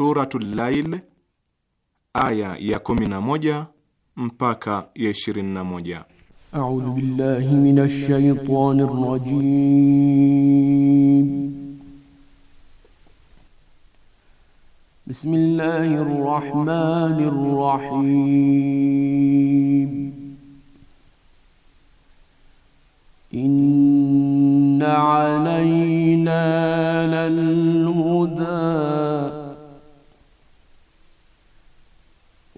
Suratul Lail aya ya 11 mpaka ya moja A'udhu billahi minash shaitanir rajim. Bismillahir rahmanir rahim. Inna alayna lal huda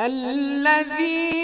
الذي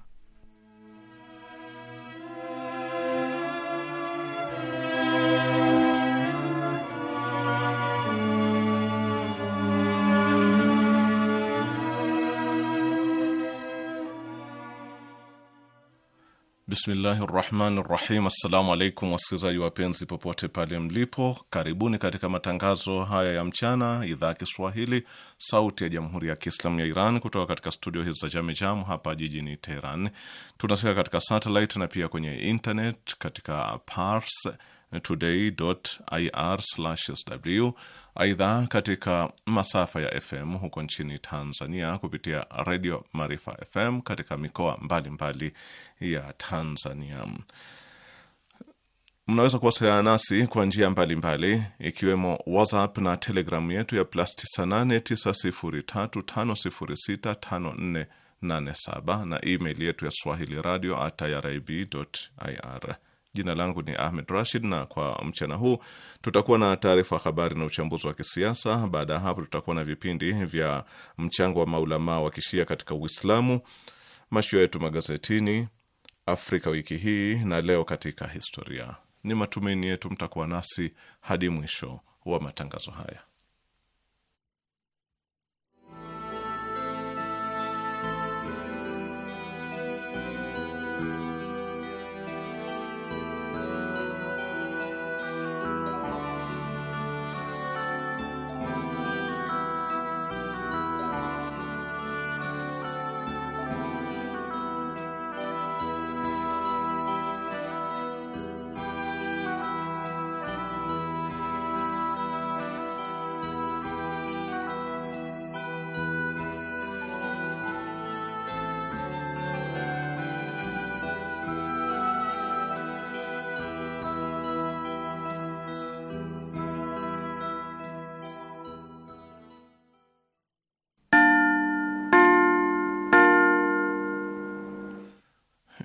Bismillahi rahmani rahim. Assalamu alaikum wasikilizaji wapenzi popote pale mlipo, karibuni katika matangazo haya ya mchana, idhaa ya Kiswahili sauti ya jamhuri ya Kiislamu ya Iran kutoka katika studio hizi za Jamejam hapa jijini Teheran. Tunasika katika satellite na pia kwenye internet katika pars today.ir/sw. Aidha, katika masafa ya FM huko nchini Tanzania kupitia Redio Maarifa FM katika mikoa mbalimbali mbali ya Tanzania. Mnaweza kuwasiliana nasi kwa njia mbalimbali ikiwemo WhatsApp na Telegram yetu ya plus 989035065487 na email yetu ya swahili radio at irib.ir. Jina langu ni Ahmed Rashid, na kwa mchana huu tutakuwa na taarifa habari na uchambuzi wa kisiasa. Baada ya hapo, tutakuwa na vipindi vya mchango wa maulamaa wa kishia katika Uislamu, mashio yetu magazetini, Afrika wiki hii na leo katika historia. Ni matumaini yetu mtakuwa nasi hadi mwisho wa matangazo haya.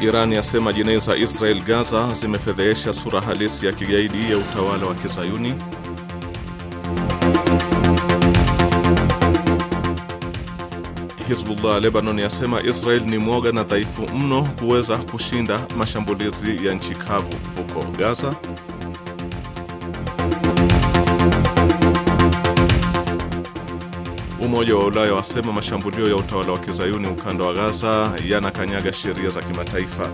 Iran yasema jinai za Israel Gaza zimefedhehesha sura halisi ya kigaidi ya utawala wa Kizayuni. Hizbullah Lebanon yasema Israel ni mwoga na dhaifu mno kuweza kushinda mashambulizi ya nchi kavu huko Gaza. Umoja wa Ulaya wasema mashambulio ya utawala wa kizayuni ukanda wa Gaza yanakanyaga sheria za kimataifa.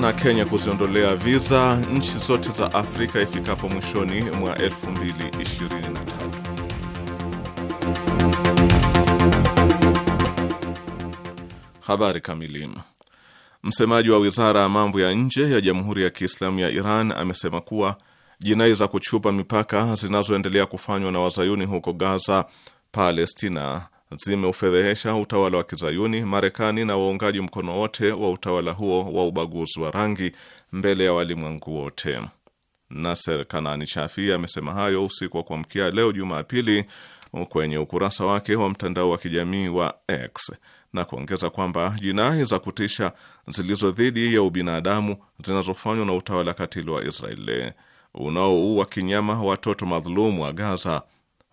Na Kenya kuziondolea viza nchi zote za Afrika ifikapo mwishoni mwa 2023. Habari kamili. Msemaji wa wizara ya mambo ya nje ya Jamhuri ya Kiislamu ya Iran amesema kuwa jinai za kuchupa mipaka zinazoendelea kufanywa na wazayuni huko Gaza, Palestina zimeufedhehesha utawala wa kizayuni, Marekani na waungaji mkono wote wa utawala huo wa ubaguzi wa rangi mbele ya walimwengu wote. Naser Kanani Chafi amesema hayo usiku wa kuamkia leo Jumapili kwenye ukurasa wake wa mtandao wa kijamii wa X na kuongeza kwamba jinai za kutisha zilizo dhidi ya ubinadamu zinazofanywa na utawala katili wa Israeli unaoua kinyama watoto madhulumu wa Gaza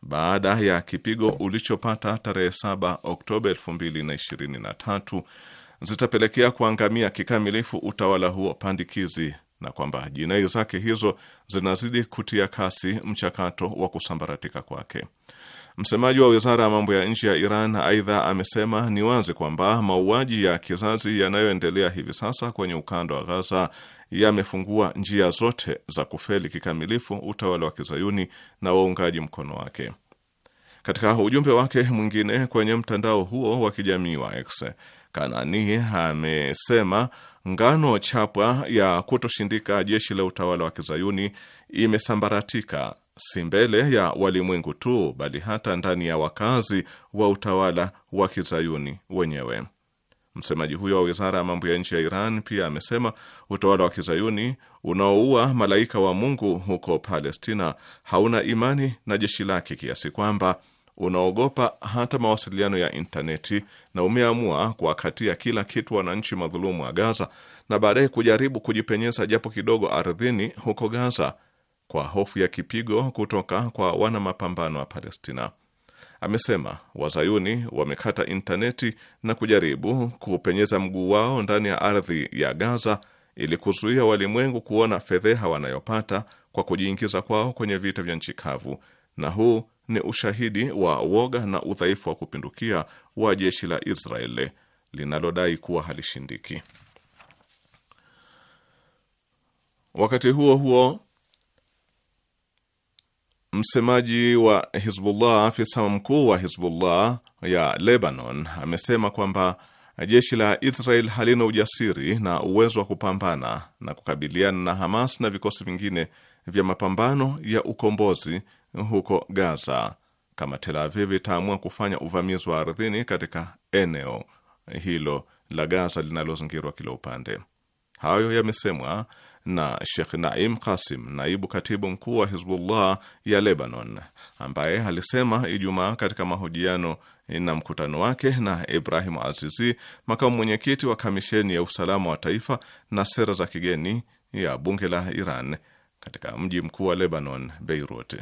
baada ya kipigo ulichopata tarehe 7 Oktoba 2023 zitapelekea kuangamia kikamilifu utawala huo pandikizi na kwamba jinai zake hizo zinazidi kutia kasi mchakato wa kusambaratika kwake. Msemaji wa wizara ya mambo ya nje ya Iran aidha amesema ni wazi kwamba mauaji ya kizazi yanayoendelea hivi sasa kwenye ukanda wa gaza yamefungua njia zote za kufeli kikamilifu utawala wa kizayuni na waungaji mkono wake. Katika ujumbe wake mwingine kwenye mtandao huo wa kijamii wa X, Kanani amesema ngano chapwa ya kutoshindika jeshi la utawala wa kizayuni imesambaratika, si mbele ya walimwengu tu, bali hata ndani ya wakazi wa utawala wa kizayuni wenyewe. Msemaji huyo wa wizara ya mambo ya nje ya Iran pia amesema utawala wa kizayuni unaoua malaika wa Mungu huko Palestina hauna imani na jeshi lake kiasi kwamba unaogopa hata mawasiliano ya intaneti na umeamua kuwakatia kila kitu wananchi madhulumu wa Gaza na baadaye kujaribu kujipenyeza japo kidogo ardhini huko Gaza kwa hofu ya kipigo kutoka kwa wana mapambano wa Palestina. Amesema wazayuni wamekata intaneti na kujaribu kupenyeza mguu wao ndani ya ardhi ya Gaza ili kuzuia walimwengu kuona fedheha wanayopata kwa kujiingiza kwao kwenye vita vya nchi kavu, na huu ni ushahidi wa woga na udhaifu wa kupindukia wa jeshi la Israeli linalodai kuwa halishindiki. Wakati huo huo, Msemaji wa Hizbullah, afisa mkuu wa Hizbullah ya Lebanon, amesema kwamba jeshi la Israel halina ujasiri na uwezo wa kupambana na kukabiliana na Hamas na vikosi vingine vya mapambano ya ukombozi huko Gaza kama Tel Aviv itaamua kufanya uvamizi wa ardhini katika eneo hilo la Gaza linalozingirwa kila upande. Hayo yamesemwa na Sheikh Naim Qasim, naibu katibu mkuu wa Hizbullah ya Lebanon, ambaye alisema Ijumaa katika mahojiano na mkutano wake na Ibrahim Azizi, makamu mwenyekiti wa kamisheni ya usalama wa taifa na sera za kigeni ya bunge la Iran katika mji mkuu wa Lebanon, Beirut.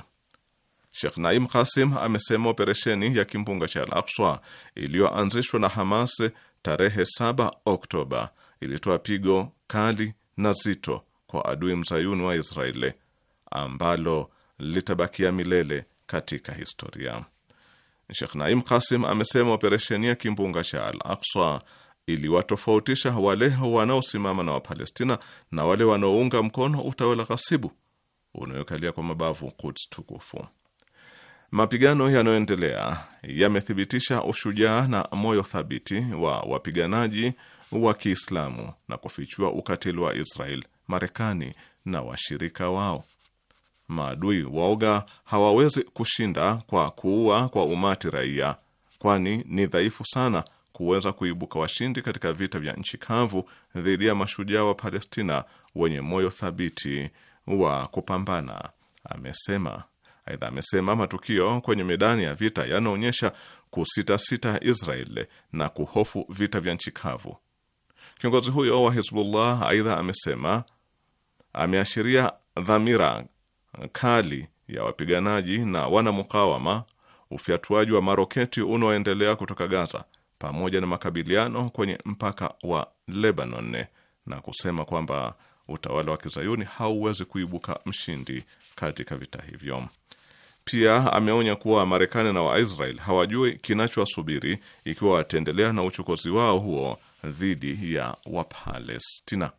Sheikh Naim Qasim amesema operesheni ya kimbunga cha Al-Aqsa iliyoanzishwa na Hamas tarehe 7 Oktoba ilitoa pigo kali na zito kwa adui mzayuni wa Israeli ambalo litabakia milele katika historia. Sheikh Naim Kasim amesema operesheni ya kimbunga cha Al Aksa iliwatofautisha wale wanaosimama na Wapalestina na wale wanaounga mkono utawala ghasibu unaokalia kwa mabavu Quds tukufu. Mapigano yanayoendelea yamethibitisha ushujaa na moyo thabiti wa wapiganaji wa Kiislamu na kufichua ukatili wa Israel Marekani na washirika wao. Maadui waoga hawawezi kushinda kwa kuua kwa umati raia, kwani ni dhaifu sana kuweza kuibuka washindi katika vita vya nchi kavu dhidi ya mashujaa wa Palestina wenye moyo thabiti wa kupambana, amesema. Aidha amesema matukio kwenye medani ya vita yanaonyesha kusitasita Israel na kuhofu vita vya nchi kavu. Kiongozi huyo wa Hizbullah aidha amesema ameashiria dhamira kali ya wapiganaji na wanamukawama, ufyatuaji wa maroketi unaoendelea kutoka Gaza pamoja na makabiliano kwenye mpaka wa Lebanon, na kusema kwamba utawala wa kizayuni hauwezi kuibuka mshindi katika vita hivyo. Pia ameonya kuwa Wamarekani na Waisrael hawajui kinachowasubiri ikiwa wataendelea na uchokozi wao huo dhidi ya Wapalestina.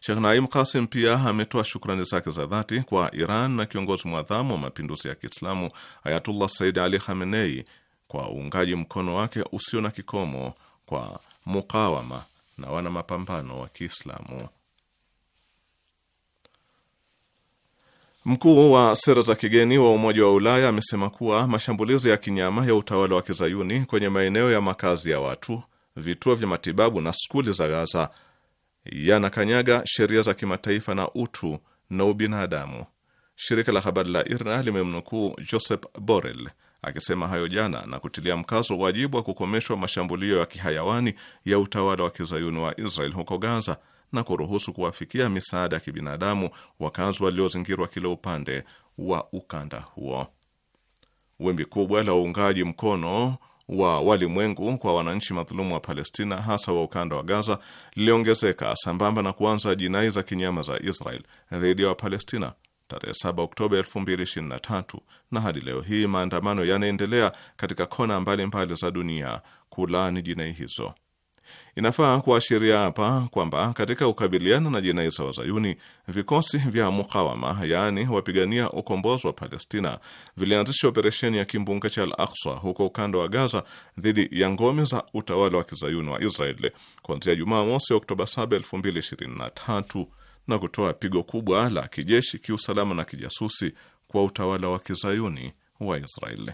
Shekh Naim Kasim pia ametoa shukrani zake za dhati kwa Iran na kiongozi mwadhamu wa mapinduzi ya Kiislamu Ayatullah Said Ali Khamenei kwa uungaji mkono wake usio na kikomo kwa mukawama na wana mapambano wa Kiislamu. Mkuu wa sera za kigeni wa Umoja wa Ulaya amesema kuwa mashambulizi ya kinyama ya utawala wa kizayuni kwenye maeneo ya makazi ya watu vituo vya matibabu na skuli za Gaza yanakanyaga sheria za kimataifa na utu na ubinadamu. Shirika la habari la IRNA limemnukuu Joseph Borrell akisema hayo jana na kutilia mkazo wajibu wa kukomeshwa mashambulio ya kihayawani ya utawala wa kizayuni wa Israel huko Gaza na kuruhusu kuwafikia misaada ya kibinadamu wakazi waliozingirwa kila upande wa ukanda huo. Wimbi kubwa la uungaji mkono wa walimwengu kwa wananchi madhulumu wa Palestina, hasa wa ukanda wa Gaza, liliongezeka sambamba na kuanza jinai za kinyama za Israel dhidi ya Wapalestina tarehe 7 Oktoba 2023 na hadi leo hii maandamano yanaendelea katika kona mbalimbali mbali za dunia kulaani jinai hizo. Inafaa kuashiria hapa kwamba katika kukabiliana na jinai za Wazayuni, vikosi vya mukawama, yaani wapigania ukombozi wa Palestina, vilianzisha operesheni ya kimbunga cha Al Aksa huko ukanda wa Gaza dhidi ya ngome za utawala wa kizayuni wa Israel kuanzia Jumamosi Oktoba 7, 2023 na kutoa pigo kubwa la kijeshi, kiusalama na kijasusi kwa utawala wa kizayuni wa Israeli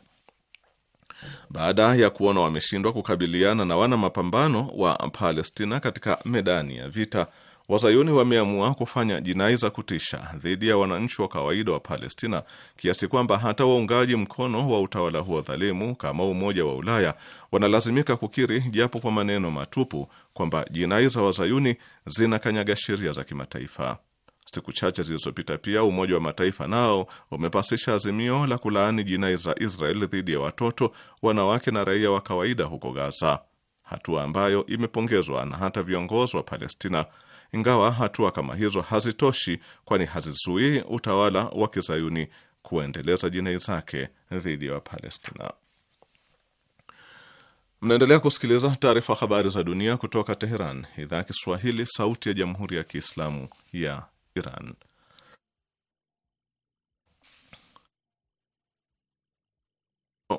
baada ya kuona wameshindwa kukabiliana na wana mapambano wa Palestina katika medani ya vita. Wazayuni wameamua kufanya jinai za kutisha dhidi ya wananchi wa kawaida wa Palestina kiasi kwamba hata waungaji mkono wa utawala huo dhalimu kama Umoja wa Ulaya wanalazimika kukiri japo kwa maneno matupu kwamba jinai za wazayuni zinakanyaga sheria za kimataifa. Siku chache zilizopita pia Umoja wa Mataifa nao umepasisha azimio la kulaani jinai za Israel dhidi ya watoto, wanawake na raia wa kawaida huko Gaza, hatua ambayo imepongezwa na hata viongozi wa Palestina, ingawa hatua kama hizo hazitoshi, kwani hazizuii utawala wa kizayuni kuendeleza jinai zake dhidi ya Wapalestina. Mnaendelea kusikiliza taarifa habari za dunia kutoka Teheran, idhaa ya Kiswahili, sauti ya jamhuri ya kiislamu ya Iran.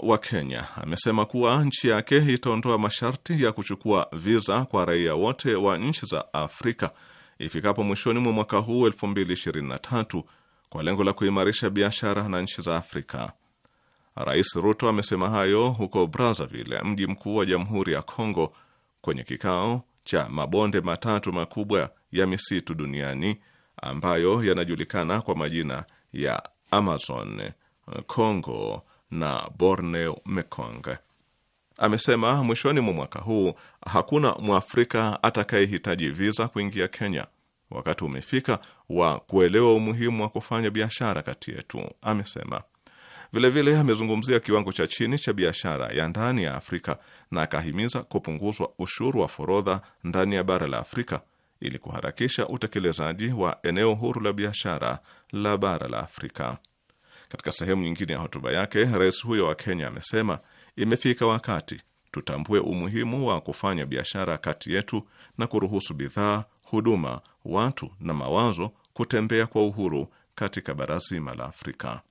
wa Kenya amesema kuwa nchi yake itaondoa masharti ya kuchukua viza kwa raia wote wa nchi za Afrika ifikapo mwishoni mwa mwaka huu 2023 kwa lengo la kuimarisha biashara na nchi za Afrika. Rais Ruto amesema hayo huko Brazzaville, mji mkuu wa Jamhuri ya Kongo, kwenye kikao cha mabonde matatu makubwa ya misitu duniani ambayo yanajulikana kwa majina ya Amazon, Congo na Borneo Mekong. Amesema mwishoni mwa mwaka huu hakuna Mwafrika atakayehitaji viza kuingia Kenya. Wakati umefika wa kuelewa umuhimu wa kufanya biashara kati yetu, amesema. Vilevile vile, amezungumzia kiwango cha chini cha biashara ya ndani ya Afrika na akahimiza kupunguzwa ushuru wa forodha ndani ya bara la Afrika ili kuharakisha utekelezaji wa eneo huru la biashara la bara la Afrika. Katika sehemu nyingine ya hotuba yake, rais huyo wa Kenya amesema imefika wakati tutambue umuhimu wa kufanya biashara kati yetu na kuruhusu bidhaa, huduma, watu na mawazo kutembea kwa uhuru katika bara zima la Afrika.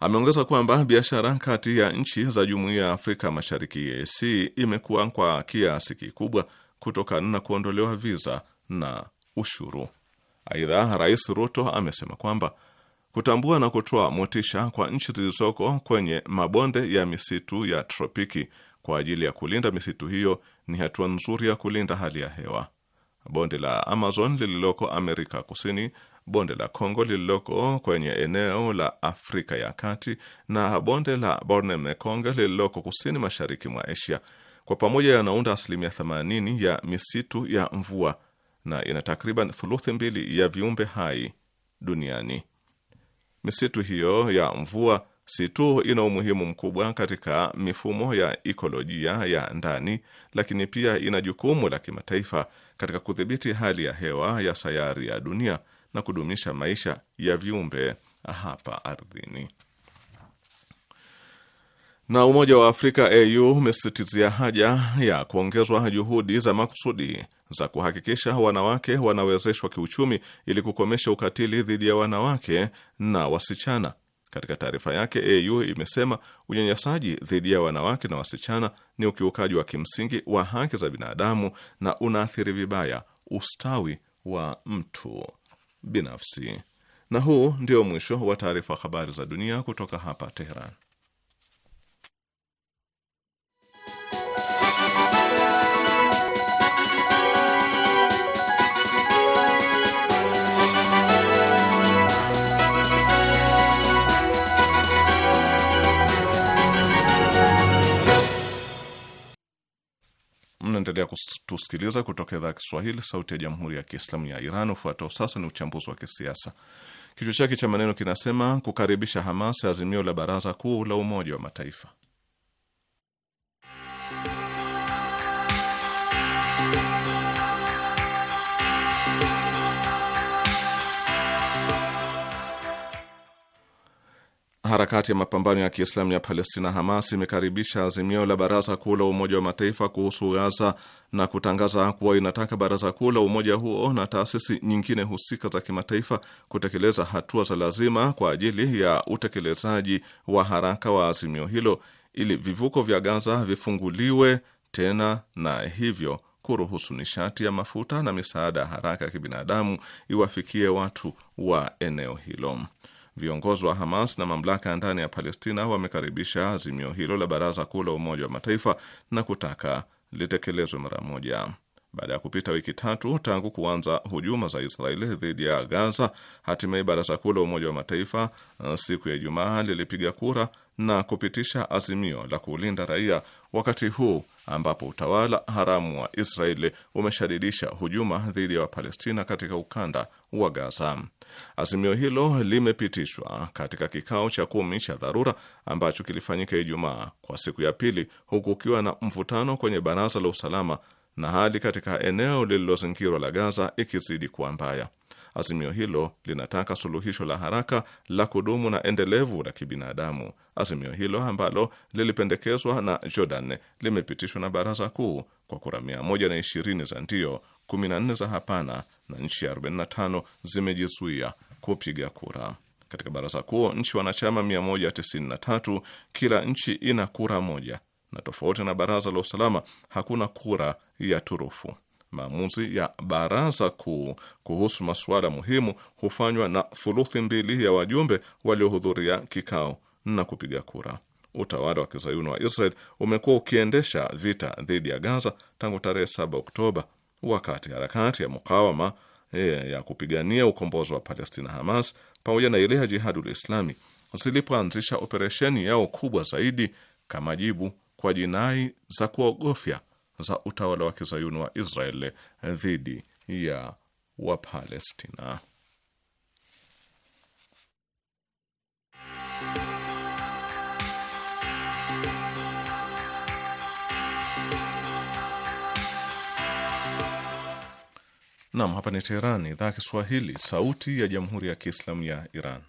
Ameongeza kwamba biashara kati ya nchi za jumuiya ya Afrika Mashariki EAC imekuwa kwa kiasi kikubwa kutokana na kuondolewa viza na ushuru. Aidha, Rais Ruto amesema kwamba kutambua na kutoa motisha kwa nchi zilizoko kwenye mabonde ya misitu ya tropiki kwa ajili ya kulinda misitu hiyo ni hatua nzuri ya kulinda hali ya hewa. Bonde la Amazon lililoko Amerika Kusini, bonde la Kongo lililoko kwenye eneo la Afrika ya Kati na bonde la Borneo Mekong lililoko kusini mashariki mwa Asia kwa pamoja yanaunda asilimia 80 ya misitu ya mvua na ina takriban thuluthi mbili ya viumbe hai duniani. Misitu hiyo ya mvua si tu ina umuhimu mkubwa katika mifumo ya ikolojia ya ndani, lakini pia ina jukumu la kimataifa katika kudhibiti hali ya hewa ya sayari ya dunia na kudumisha maisha ya viumbe hapa ardhini. Na Umoja wa Afrika AU umesisitizia haja ya kuongezwa juhudi za makusudi za kuhakikisha wanawake wanawezeshwa kiuchumi ili kukomesha ukatili dhidi ya wanawake na wasichana. Katika taarifa yake, AU imesema unyanyasaji dhidi ya wanawake na wasichana ni ukiukaji wa kimsingi wa haki za binadamu na unaathiri vibaya ustawi wa mtu binafsi. Na huu ndio mwisho wa taarifa habari za dunia kutoka hapa Teheran. Unaendelea kutusikiliza kutoka idhaa ya Kiswahili, sauti ya jamhuri ya kiislamu ya Iran. Ufuatao sasa ni uchambuzi wa kisiasa, kichwa chake cha maneno kinasema kukaribisha Hamas azimio la baraza kuu la Umoja wa Mataifa. harakati ya mapambano ya Kiislamu ya Palestina, Hamas, imekaribisha azimio la Baraza Kuu la Umoja wa Mataifa kuhusu Gaza na kutangaza kuwa inataka Baraza Kuu la umoja huo na taasisi nyingine husika za kimataifa kutekeleza hatua za lazima kwa ajili ya utekelezaji wa haraka wa azimio hilo ili vivuko vya Gaza vifunguliwe tena na hivyo kuruhusu nishati ya mafuta na misaada ya haraka ya kibinadamu iwafikie watu wa eneo hilo. Viongozi wa Hamas na mamlaka ya ndani ya Palestina wamekaribisha azimio hilo la Baraza Kuu la Umoja wa Mataifa na kutaka litekelezwe mara moja. Baada ya kupita wiki tatu tangu kuanza hujuma za Israeli dhidi ya Gaza, hatimaye Baraza Kuu la Umoja wa Mataifa uh, siku ya Ijumaa lilipiga kura na kupitisha azimio la kuulinda raia, wakati huu ambapo utawala haramu wa Israeli umeshadidisha hujuma dhidi ya Wapalestina katika ukanda wa Gaza. Azimio hilo limepitishwa katika kikao cha kumi cha dharura ambacho kilifanyika Ijumaa kwa siku ya pili, huku ukiwa na mvutano kwenye baraza la usalama na hali katika eneo lililozingirwa la Gaza ikizidi kuwa mbaya. Azimio hilo linataka suluhisho la haraka la kudumu na endelevu la kibinadamu. Azimio hilo ambalo lilipendekezwa na Jordan limepitishwa na baraza kuu kwa kura 120 za ndio, 14 za hapana na nchi 45 zimejizuia kupiga kura. Katika baraza kuu, nchi wanachama 193, kila nchi ina kura moja, na tofauti na baraza la usalama hakuna kura ya turufu. Maamuzi ya baraza kuu kuhusu masuala muhimu hufanywa na thuluthi mbili ya wajumbe waliohudhuria kikao na kupiga kura. Utawala wa kizayuni wa Israel umekuwa ukiendesha vita dhidi ya Gaza tangu tarehe 7 Oktoba wakati harakati ya mukawama e, ya kupigania ukombozi wa Palestina Hamas pamoja na ile ya Jihadul Islami zilipoanzisha operesheni yao kubwa zaidi kama jibu kwa jinai za kuogofya za utawala wa kizayuni wa Israeli eh, dhidi ya Wapalestina. Nam, hapa ni Teherani, idhaa ya Kiswahili, sauti ya jamhuri ya kiislamu ya Iran.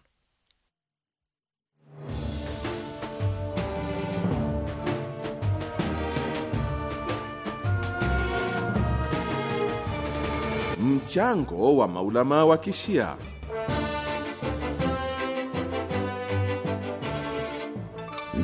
Mchango wa maulama wa Kishia.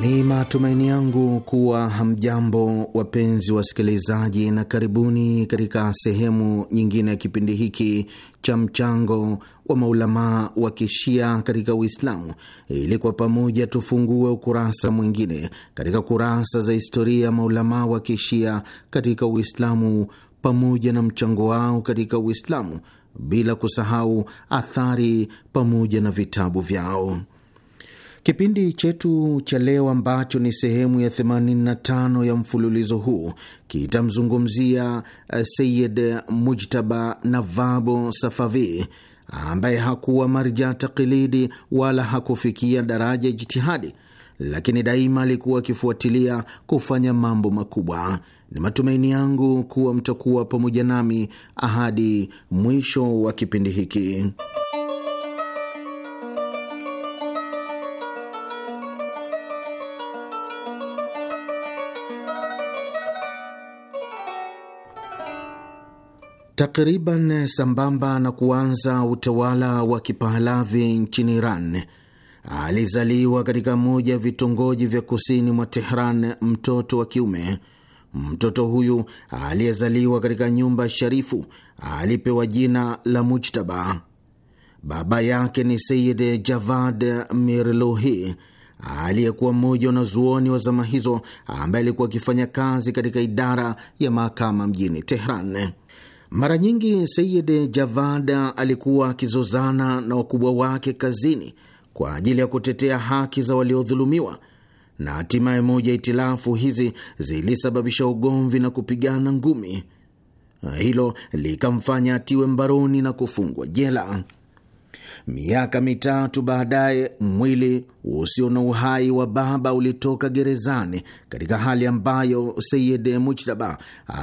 Ni matumaini yangu kuwa hamjambo, wapenzi wasikilizaji, na karibuni katika sehemu nyingine ya kipindi hiki cha mchango wa maulamaa wa kishia katika Uislamu, ili kwa pamoja tufungue ukurasa mwingine katika kurasa za historia ya maulamaa wa kishia katika Uislamu pamoja na mchango wao katika Uislamu, bila kusahau athari pamoja na vitabu vyao. Kipindi chetu cha leo ambacho ni sehemu ya 85 ya mfululizo huu kitamzungumzia eh, Sayid Mujtaba Navabo Safavi ambaye hakuwa marja taklidi wala hakufikia daraja ya jitihadi, lakini daima alikuwa akifuatilia kufanya mambo makubwa. Ni matumaini yangu kuwa mtakuwa pamoja nami ahadi mwisho wa kipindi hiki. Takriban sambamba na kuanza utawala wa Kipahalavi nchini Iran, alizaliwa katika moja ya vitongoji vya kusini mwa Tehran mtoto wa kiume. Mtoto huyu aliyezaliwa katika nyumba sharifu alipewa jina la Mujtaba. Baba yake ni Seyid Javad Mirlohi aliyekuwa mmoja wa wanazuoni wa zama hizo ambaye alikuwa akifanya kazi katika idara ya mahakama mjini Tehran. Mara nyingi Sayid Javada alikuwa akizozana na wakubwa wake kazini kwa ajili ya kutetea haki za waliodhulumiwa, na hatimaye moja itilafu hizi zilisababisha ugomvi na kupigana ngumi. Hilo likamfanya atiwe mbaroni na kufungwa jela. Miaka mitatu baadaye, mwili usio na uhai wa baba ulitoka gerezani katika hali ambayo seyid Mujtaba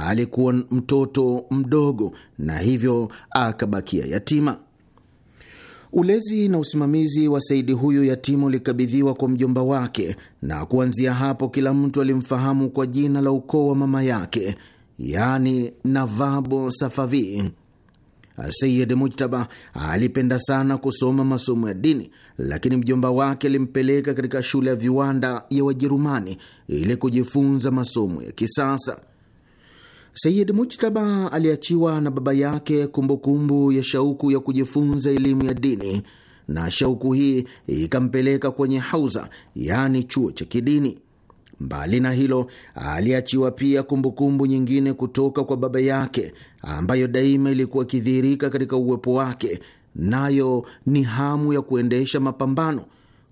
alikuwa mtoto mdogo na hivyo akabakia yatima. Ulezi na usimamizi wa Saidi huyu yatima ulikabidhiwa kwa mjomba wake, na kuanzia hapo kila mtu alimfahamu kwa jina la ukoo wa mama yake, yaani Navabo Safavi. Sayid Mujtaba alipenda sana kusoma masomo ya dini, lakini mjomba wake alimpeleka katika shule ya viwanda ya Wajerumani ili kujifunza masomo ya kisasa. Sayid Mujtaba aliachiwa na baba yake kumbukumbu kumbu ya shauku ya kujifunza elimu ya dini, na shauku hii ikampeleka kwenye hauza, yaani chuo cha kidini. Mbali na hilo, aliachiwa pia kumbukumbu nyingine kutoka kwa baba yake ambayo daima ilikuwa ikidhihirika katika uwepo wake, nayo ni hamu ya kuendesha mapambano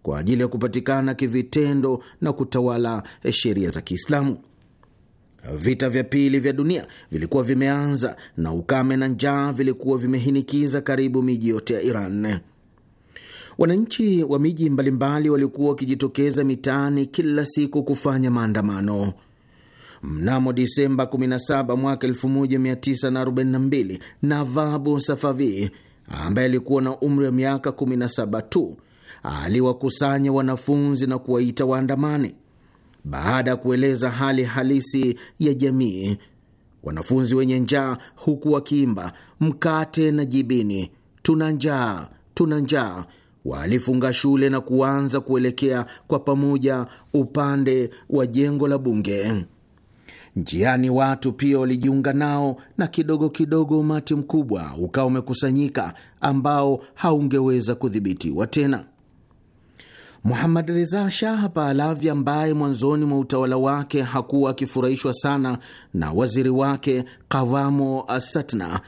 kwa ajili ya kupatikana kivitendo na kutawala eh, sheria za Kiislamu. Vita vya pili vya dunia vilikuwa vimeanza na ukame na njaa vilikuwa vimehinikiza karibu miji yote ya Iran. Wananchi wa miji mbalimbali walikuwa wakijitokeza mitaani kila siku kufanya maandamano. Mnamo Disemba 17 mwaka 1942, Navabu Safavi ambaye alikuwa na umri wa miaka 17 tu aliwakusanya wanafunzi na kuwaita waandamani Baada ya kueleza hali halisi ya jamii, wanafunzi wenye njaa, huku wakiimba mkate na jibini, tuna njaa, tuna njaa walifunga shule na kuanza kuelekea kwa pamoja upande wa jengo la bunge. Njiani watu pia walijiunga nao, na kidogo kidogo umati mkubwa ukawa umekusanyika ambao haungeweza kudhibitiwa tena. Muhammad Reza Shah Pahlavi, ambaye mwanzoni mwa utawala wake hakuwa akifurahishwa sana na waziri wake kavamo Asatna,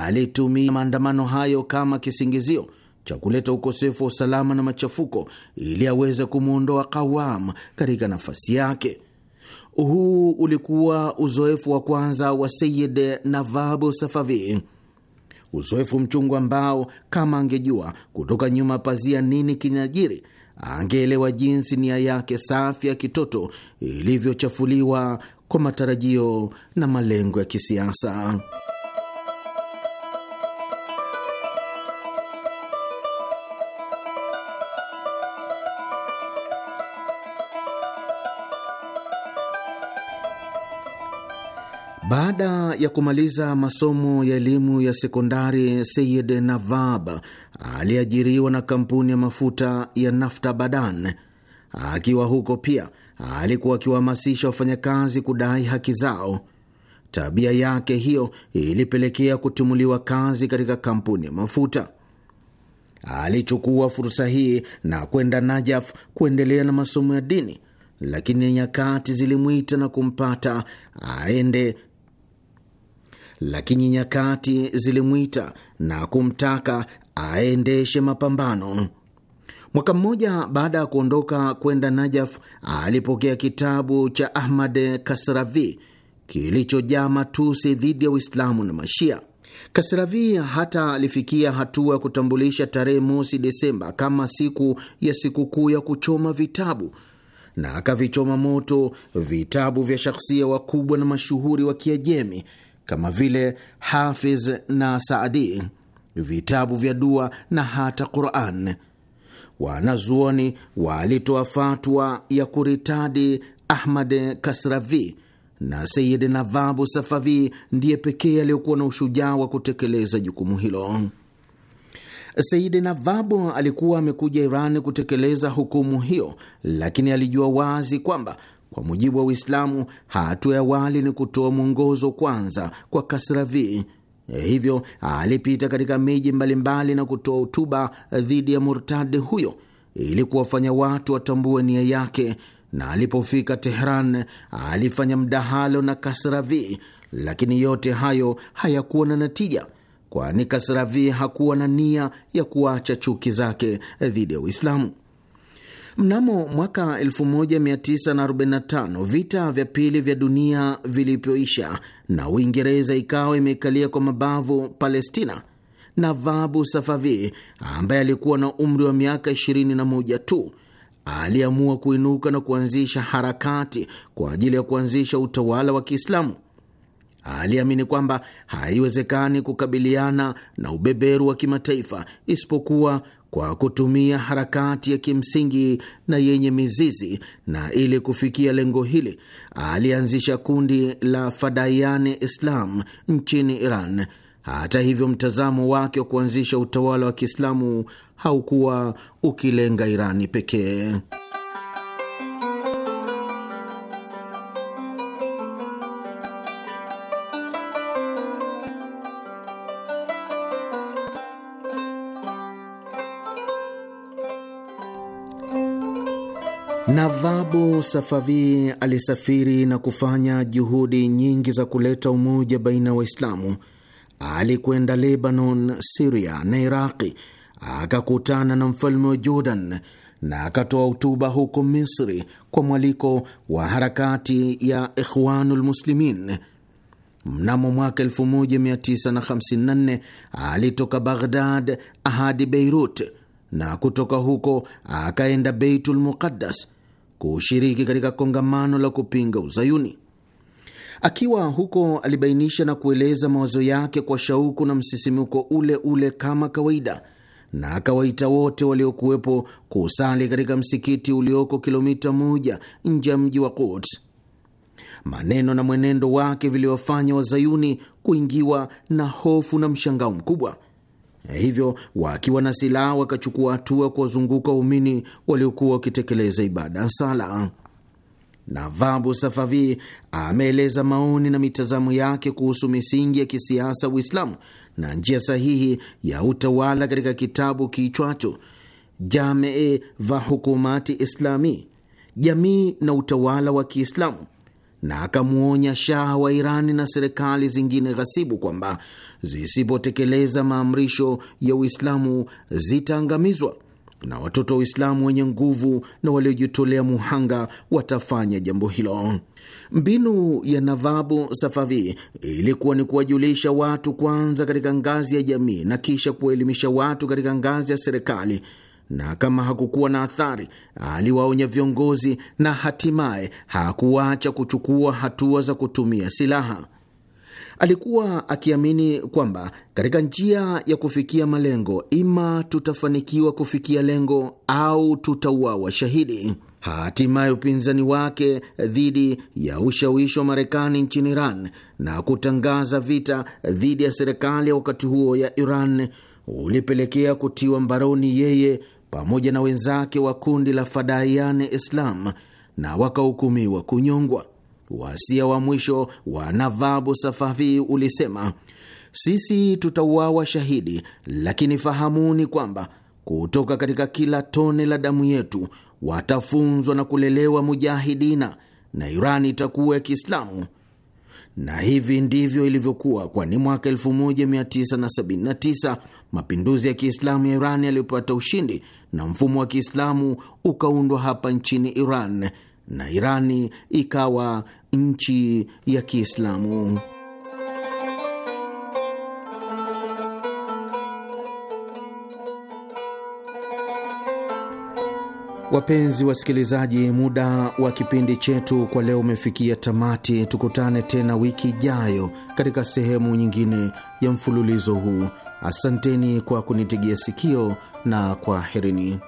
alitumia maandamano hayo kama kisingizio cha kuleta ukosefu wa usalama na machafuko ili aweze kumwondoa Kawam katika nafasi yake. Huu ulikuwa uzoefu wa kwanza wa Sayid Navabu Safavi, uzoefu mchungu ambao kama angejua kutoka nyuma pazia nini kinajiri, angeelewa jinsi nia yake safi ya kitoto ilivyochafuliwa kwa matarajio na malengo ya kisiasa. Baada ya kumaliza masomo ya elimu ya sekondari, Sayid Navab aliajiriwa na kampuni ya mafuta ya Nafta Badan. Akiwa huko pia alikuwa akiwahamasisha wafanyakazi kudai haki zao. Tabia yake hiyo ilipelekea kutumuliwa kazi katika kampuni ya mafuta. Alichukua fursa hii na kwenda Najaf kuendelea na masomo ya dini, lakini nyakati zilimwita na kumpata aende lakini nyakati zilimwita na kumtaka aendeshe mapambano. Mwaka mmoja baada ya kuondoka kwenda Najaf, alipokea kitabu cha Ahmad Kasravi kilichojaa matusi dhidi ya Uislamu na Mashia. Kasravi hata alifikia hatua ya kutambulisha tarehe mosi Desemba kama siku ya sikukuu ya kuchoma vitabu na akavichoma moto vitabu vya shakhsia wakubwa na mashuhuri wa Kiajemi kama vile Hafiz na Saadi, vitabu vya dua na hata Quran. Wanazuoni walitoa fatwa ya kuritadi Ahmad Kasravi na Sayid Navabu Safavi ndiye pekee aliyokuwa na ushujaa wa kutekeleza jukumu hilo. Sayid Navabu alikuwa amekuja Iran kutekeleza hukumu hiyo, lakini alijua wazi kwamba kwa mujibu wa Uislamu, hatua ya awali ni kutoa mwongozo kwanza kwa Kasravi. Eh, hivyo alipita katika miji mbalimbali na kutoa hutuba dhidi ya murtadi huyo ili kuwafanya watu watambue nia yake, na alipofika Tehran alifanya mdahalo na Kasravi, lakini yote hayo hayakuwa na natija, kwani Kasravi hakuwa na nia ya kuacha chuki zake dhidi ya Uislamu. Mnamo mwaka 1945 vita vya pili vya dunia vilipyoisha na Uingereza ikawa imekalia kwa mabavu Palestina, Navabu Safavi ambaye alikuwa na umri wa miaka 21 tu aliamua kuinuka na kuanzisha harakati kwa ajili ya kuanzisha utawala wa Kiislamu. Aliamini kwamba haiwezekani kukabiliana na ubeberu wa kimataifa isipokuwa kwa kutumia harakati ya kimsingi na yenye mizizi, na ili kufikia lengo hili alianzisha kundi la Fadaiane Islam nchini Iran. Hata hivyo, mtazamo wake wa kuanzisha utawala wa Kiislamu haukuwa ukilenga Irani pekee. Navabu Safavi alisafiri na kufanya juhudi nyingi za kuleta umoja baina Waislamu. Alikwenda Lebanon, Siria na Iraqi, akakutana na mfalme wa Jordan na akatoa hutuba huko Misri kwa mwaliko wa harakati ya Ikhwanul Muslimin. Mnamo mwaka 1954 alitoka Baghdad hadi Beirut na kutoka huko akaenda Beitul Muqaddas kushiriki katika kongamano la kupinga uzayuni. Akiwa huko alibainisha na kueleza mawazo yake kwa shauku na msisimuko ule ule kama kawaida, na akawaita wote waliokuwepo kusali katika msikiti ulioko kilomita moja nje ya mji wa Quds. Maneno na mwenendo wake viliwafanya wazayuni kuingiwa na hofu na mshangao mkubwa. Hivyo wakiwa na silaha wakachukua hatua kuwazunguka waumini waliokuwa wakitekeleza ibada ya sala. Navabu Safavi ameeleza maoni na mitazamo yake kuhusu misingi ya kisiasa Uislamu na njia sahihi ya utawala katika kitabu kiitwacho Jamee va Hukumati Islami, jamii na utawala wa Kiislamu na akamwonya shaha wa Irani na serikali zingine ghasibu kwamba zisipotekeleza maamrisho ya Uislamu zitaangamizwa na watoto wa Uislamu wenye nguvu na waliojitolea muhanga watafanya jambo hilo. Mbinu ya Navabu Safavi ilikuwa ni kuwajulisha watu kwanza katika ngazi ya jamii na kisha kuwaelimisha watu katika ngazi ya serikali na kama hakukuwa na athari, aliwaonya viongozi na hatimaye hakuwaacha kuchukua hatua za kutumia silaha. Alikuwa akiamini kwamba katika njia ya kufikia malengo, ima tutafanikiwa kufikia lengo au tutauawa shahidi. Hatimaye upinzani wake dhidi ya ushawishi wa Marekani nchini Iran na kutangaza vita dhidi ya serikali ya wakati huo ya Iran ulipelekea kutiwa mbaroni yeye pamoja na wenzake wa kundi la Fadaiane Islam na wakahukumiwa kunyongwa. Wasia wa mwisho wa Navabu Safavi ulisema, sisi tutauawa shahidi, lakini fahamuni kwamba kutoka katika kila tone la damu yetu watafunzwa na kulelewa mujahidina na Irani itakuwa ya Kiislamu na hivi ndivyo ilivyokuwa, kwani mwaka 1979 mapinduzi ya Kiislamu ya Iran yalipata ushindi na mfumo wa Kiislamu ukaundwa hapa nchini Iran na Irani ikawa nchi ya Kiislamu. Wapenzi wasikilizaji, muda wa kipindi chetu kwa leo umefikia tamati. Tukutane tena wiki ijayo katika sehemu nyingine ya mfululizo huu. Asanteni kwa kunitegea sikio na kwaherini.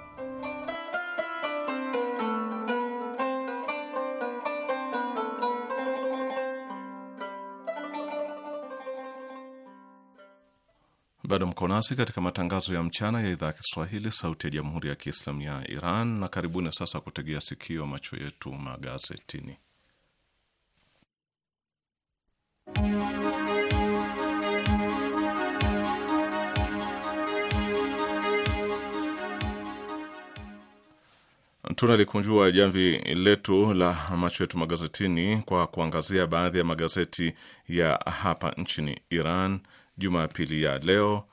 bado mko nasi katika matangazo ya mchana ya idhaa ya Kiswahili, sauti ya jamhuri ya kiislamu ya Iran, na karibuni sasa kutegea sikio macho yetu magazetini. Tunalikunjua jamvi letu la macho yetu magazetini kwa kuangazia baadhi ya magazeti ya hapa nchini Iran Jumapili ya leo,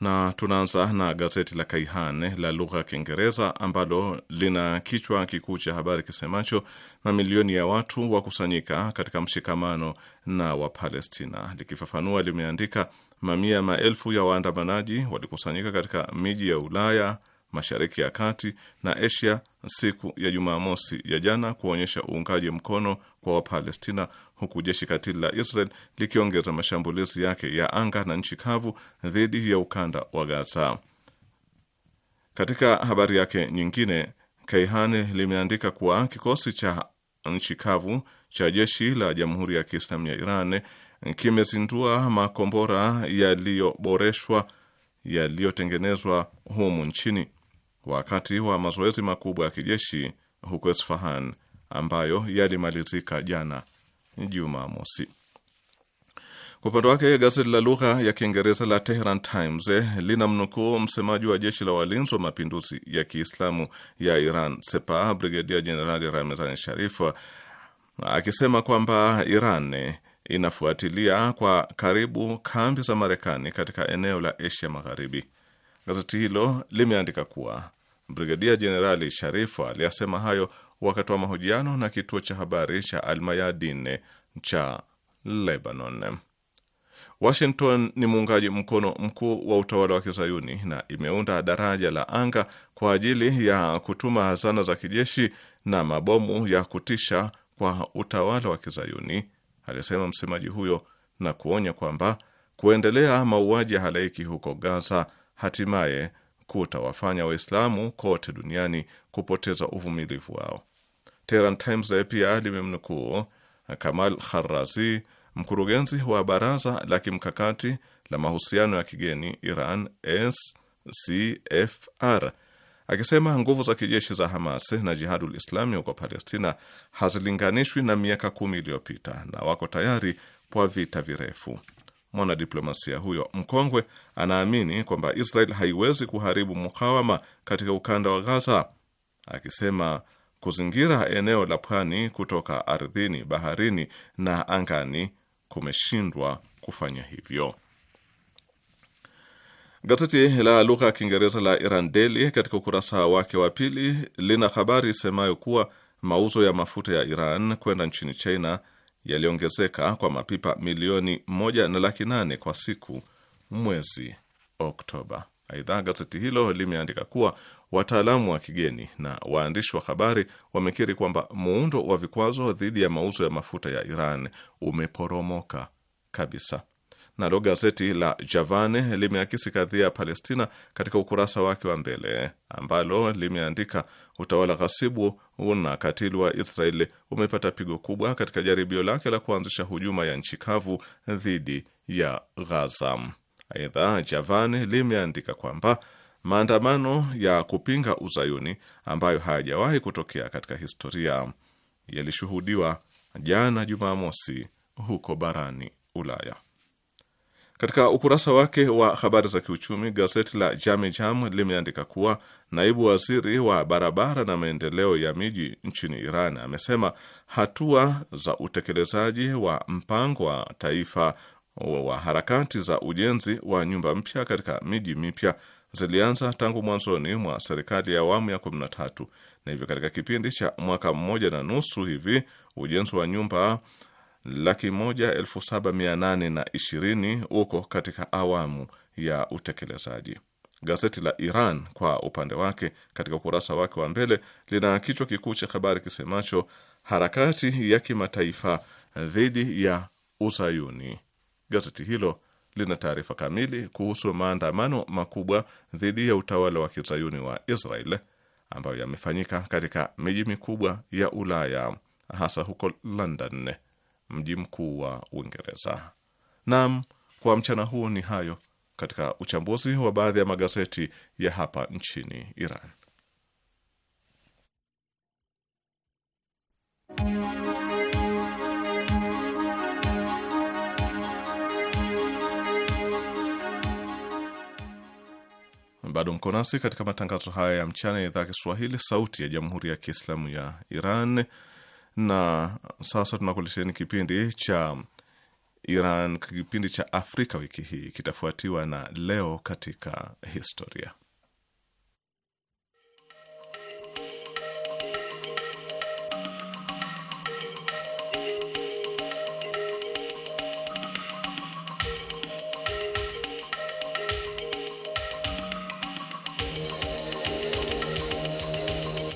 na tunaanza na gazeti la Kaihane eh, la lugha ya Kiingereza ambalo lina kichwa kikuu cha habari kisemacho mamilioni ya watu wakusanyika katika mshikamano na Wapalestina. Likifafanua, limeandika mamia maelfu ya waandamanaji walikusanyika katika miji ya Ulaya, Mashariki ya Kati na Asia siku ya Jumamosi ya jana kuonyesha uungaji mkono kwa Wapalestina huku jeshi katili la Israel likiongeza mashambulizi yake ya anga na nchi kavu dhidi ya ukanda wa Gaza. Katika habari yake nyingine, Kaihan limeandika kuwa kikosi cha nchi kavu cha jeshi la Jamhuri ya Kiislamu ya Iran kimezindua makombora yaliyoboreshwa yaliyotengenezwa humu nchini wakati wa mazoezi makubwa ya kijeshi huko Isfahan ambayo yalimalizika jana Jumamosi. Kwa upande wake gazeti la lugha ya Kiingereza la Tehran Times eh, lina mnukuu msemaji wa jeshi la walinzi wa mapinduzi ya Kiislamu ya Iran sepa Brigedia Jenerali Ramezan Sharif akisema kwamba Iran eh, inafuatilia kwa karibu kambi za Marekani katika eneo la Asia Magharibi. Gazeti hilo limeandika kuwa Brigedia Jenerali Sharif aliyasema hayo wakatoa mahojiano na kituo cha habari cha Almayadin cha Lebanon. Washington ni muungaji mkono mkuu wa utawala wa Kizayuni na imeunda daraja la anga kwa ajili ya kutuma zana za kijeshi na mabomu ya kutisha kwa utawala wa Kizayuni, alisema msemaji huyo na kuonya kwamba kuendelea mauaji ya halaiki huko Gaza hatimaye kutawafanya Waislamu kote duniani kupoteza uvumilivu wao. Tehran Times pia limemnukuu eh, Kamal Kharrazi, mkurugenzi wa baraza la kimkakati la mahusiano ya kigeni Iran SCFR akisema nguvu za kijeshi za Hamas na Jihadul Islami huko Palestina hazilinganishwi na miaka kumi iliyopita na wako tayari kwa vita virefu. Mwanadiplomasia huyo mkongwe anaamini kwamba Israel haiwezi kuharibu mukawama katika ukanda wa Gaza, akisema Kuzingira eneo la pwani kutoka ardhini, baharini na angani kumeshindwa kufanya hivyo. Gazeti la lugha ya Kiingereza la Iran Daily katika ukurasa wake wa pili lina habari isemayo kuwa mauzo ya mafuta ya Iran kwenda nchini China yaliongezeka kwa mapipa milioni moja na laki nane kwa siku mwezi Oktoba. Aidha, gazeti hilo limeandika kuwa Wataalamu wa kigeni na waandishi wa habari wamekiri kwamba muundo wa vikwazo dhidi ya mauzo ya mafuta ya Iran umeporomoka kabisa. Nalo gazeti la Javane limeakisi kadhia ya Palestina katika ukurasa wake wa mbele, ambalo limeandika utawala ghasibu una katili wa Israeli umepata pigo kubwa katika jaribio lake la kuanzisha hujuma ya nchi kavu dhidi ya Ghaza. Aidha, Javane limeandika kwamba Maandamano ya kupinga uzayuni ambayo hayajawahi kutokea katika historia yalishuhudiwa jana Jumamosi huko barani Ulaya. Katika ukurasa wake wa habari za kiuchumi, gazeti la Jame Jam limeandika kuwa naibu waziri wa barabara na maendeleo ya miji nchini Iran amesema hatua za utekelezaji wa mpango wa taifa wa harakati za ujenzi wa nyumba mpya katika miji mipya zilianza tangu mwanzoni mwa serikali ya awamu ya 13 na hivyo katika kipindi cha mwaka mmoja na nusu hivi ujenzi wa nyumba laki moja elfu saba mia nane na ishirini uko katika awamu ya utekelezaji. Gazeti la Iran kwa upande wake, katika ukurasa wake wa mbele lina kichwa kikuu cha habari kisemacho harakati ya kimataifa dhidi ya Uzayuni. Gazeti hilo lina taarifa kamili kuhusu maandamano makubwa dhidi ya utawala wa kizayuni wa Israel ambayo yamefanyika katika miji mikubwa ya Ulaya, hasa huko London, mji mkuu wa Uingereza. Naam, kwa mchana huu ni hayo katika uchambuzi wa baadhi ya magazeti ya hapa nchini Iran. Bado mko nasi katika matangazo haya ya mchana ya idhaa ya Kiswahili, Sauti ya Jamhuri ya Kiislamu ya Iran. Na sasa tunakuleteni kipindi cha Iran, kipindi cha Afrika wiki hii kitafuatiwa na Leo katika Historia.